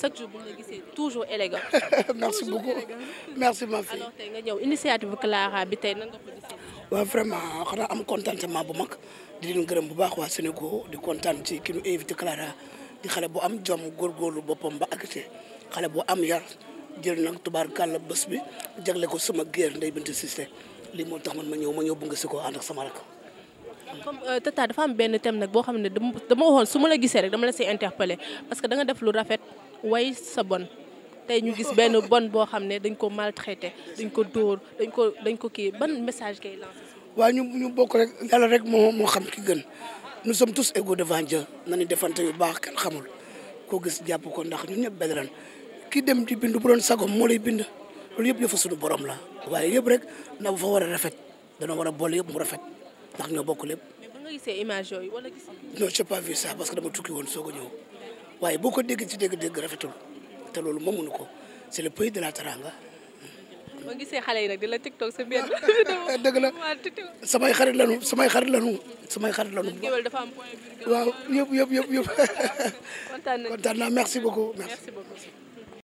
chaque jour bu nga gisee toujours élégant. merci beaucoup merci ma fille. nga ñëw initiative Clara bi tey nan nga vraiment xanaa am contentement bu mag di leen gërëm bu baax waa Sénégal di kontaan ci ki ñu invité Clara di xale bu am góor góorgóorlu boppam ba agsi xale boo am yar jël nag tubaarkàlla bës bi jagle ko sama géer Ndeye Bintu Cissé lii moo tax man ma ñëw ma ñëw bu nga si ko ànd ak sama rakk. comme euh, Tata dafa am benn thème nag boo xam ne dama waxoon su ma la gisee rek dama la see interpellé parce que da def lu rafet way sa bon tey ñu gis benn bon boo xam ne dañ ko maltraité dañ ko dóor dañ ko dañ ko kii ban message kay lancé. waaw ñu ñu bokk rek yàlla rek moo moo xam ki gën nous sommes tous égaux devant Dieu nañu defante yu baax kenn xamul koo gis jàpp ko ndax ñun ñëpp benn lan ki dem di bind bu doon sagom moo lay bind loolu yëpp yëfa suñu borom la waaye yëpp rek na bu war a rafet dana war a boole yëpp mu rafet. ndax ñoo bokk lépp. mais ba nga gisee wala gis non j'ai pas vu ça parce que dama tukki woon soog waaye boo ko dégg ci dégg-dégg rafetul te loolu moomuñu ko c'est le pays de la teranga. boo gisee xale yi nag di la tiktok sa biir. dëgg la samay xarit lanu samay xarit lanu samay xarit lanu. géwél dafa am point waaw yëpp yëpp yëpp yëpp. kontaan naa kontaan naa merci beaucoup merci